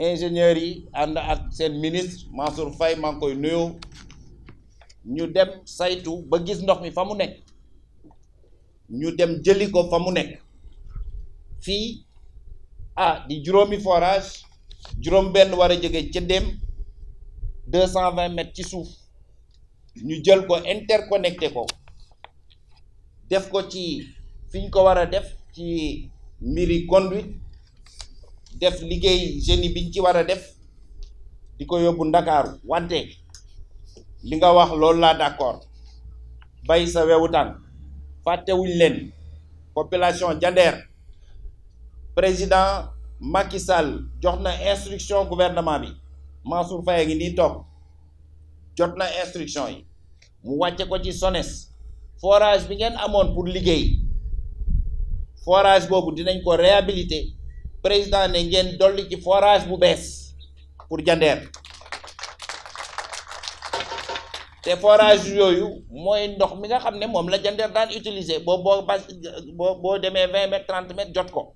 ingénieurs yi ànd ak seen ministre Mansour Faye maa ngi koy nuyoo ñu dem saytu ba gis ndox mi fa mu nekk ñu dem jëli ko fa mu nekk fii ah di juróomi forage juróom benn war a jóge ca dem deux cent vingt ci suuf ñu jël ko interconnecté ko def ko ci fi ñu ko war a def ci mbiri conduite def liggéey génie biñ ci war a def di ko yóbbu ndakaaru wante li nga wax loolu laa d'accord bay sa wewu tànk fàttewuñ leen population Diender président Macky Sall jox na instruction gouvernement bi Mansour Faye ngi nii toog jot na instruction yi mu wàcce ko ci SONES forage bi ngeen amoon pour liggéey forage boobu dinañ ko réhabiliter président ne ngeen dolli ci forage bu bees pour jandeer te forage yooyu mooy ndox mi nga xam ne moom la jandeer daan utiliser boo bo bas boo boo demee vingt mètres trente mètres jot ko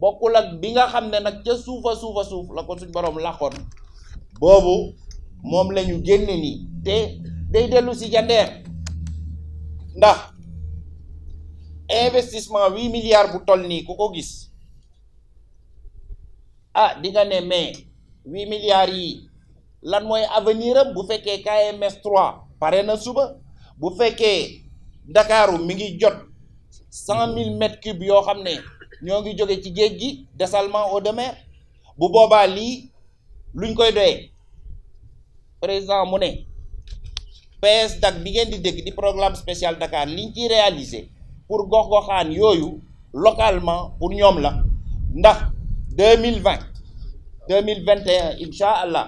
bokkul ak bi nga xam ne nag ca suufa suufa suuf la ko suñ boroom làqoon boobu moom la ñu génne nii te day dellu si jandeer ndax investissement huit milliards bu toll nii ku ko gis ah di nga ne mais huit milliards yi lan mooy avenir bu fekkee KMS 3 pare na suba bu fekkee ndakaaru mi ngi jot cent mille mètres cubes yoo xam ne ñoo ngi joge ci géej gi dessalement eau de mer bu boobaa lii luñ koy doyee président mu ne PSDAC bi ngeen di dégg di programme spécial Dakar liñ ciy réaliser pour gox-goxaan yooyu localement pour ñoom la ndax deux mille vingt deux mille vingt et incha allah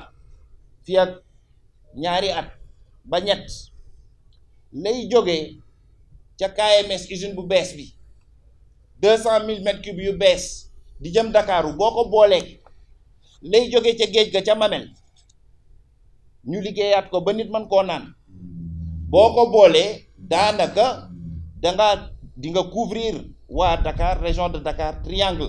fi ak ñaari at ba ñett lay jógee ca KMS usine bu bees bi deux cent mille yu bees di jëm ndakaaru boo ko booleeg lay jóge ca géej ga ca Mamel ñu liggéeyaat ko ba nit man koo naan boo ko boolee daanaka da nga di nga couvrir waa Dakar région de Dakar triangle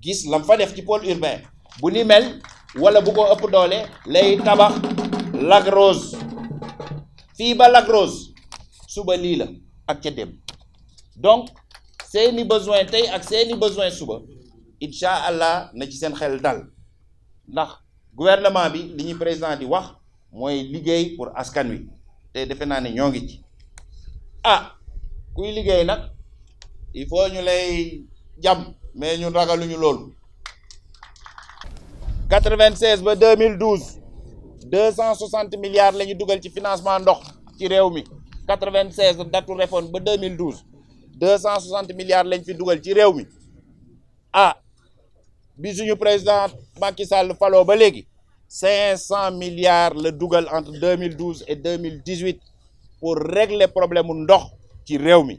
gis lam fa def ci pôle urbain bu ni mel wala bu ko ëpp doole lay tabax lagros Rose fii ba Lac Rose suba lii la ak ca dem donc seeni besoin tey ak seeni besoin suba inshallah allah na ci seen xel dal ndax gouvernement bi li ñuy président di wax mooy liggéey pour askan wi te defe naa ne ñoo ngi ci ah kuy liggéey nag il faut ñu lay jàmm mais ñun ragaluñu 96 ba 2012 260 milliards lañu duggal ci financement ndox ci 96 datu réforme 2012 260 milliards lañ fi duggal ci réew ah bi président Macky Sall ba 500 milliards le dougal entre 2012 et 2018 pour régler problème problèmes ndox ci réew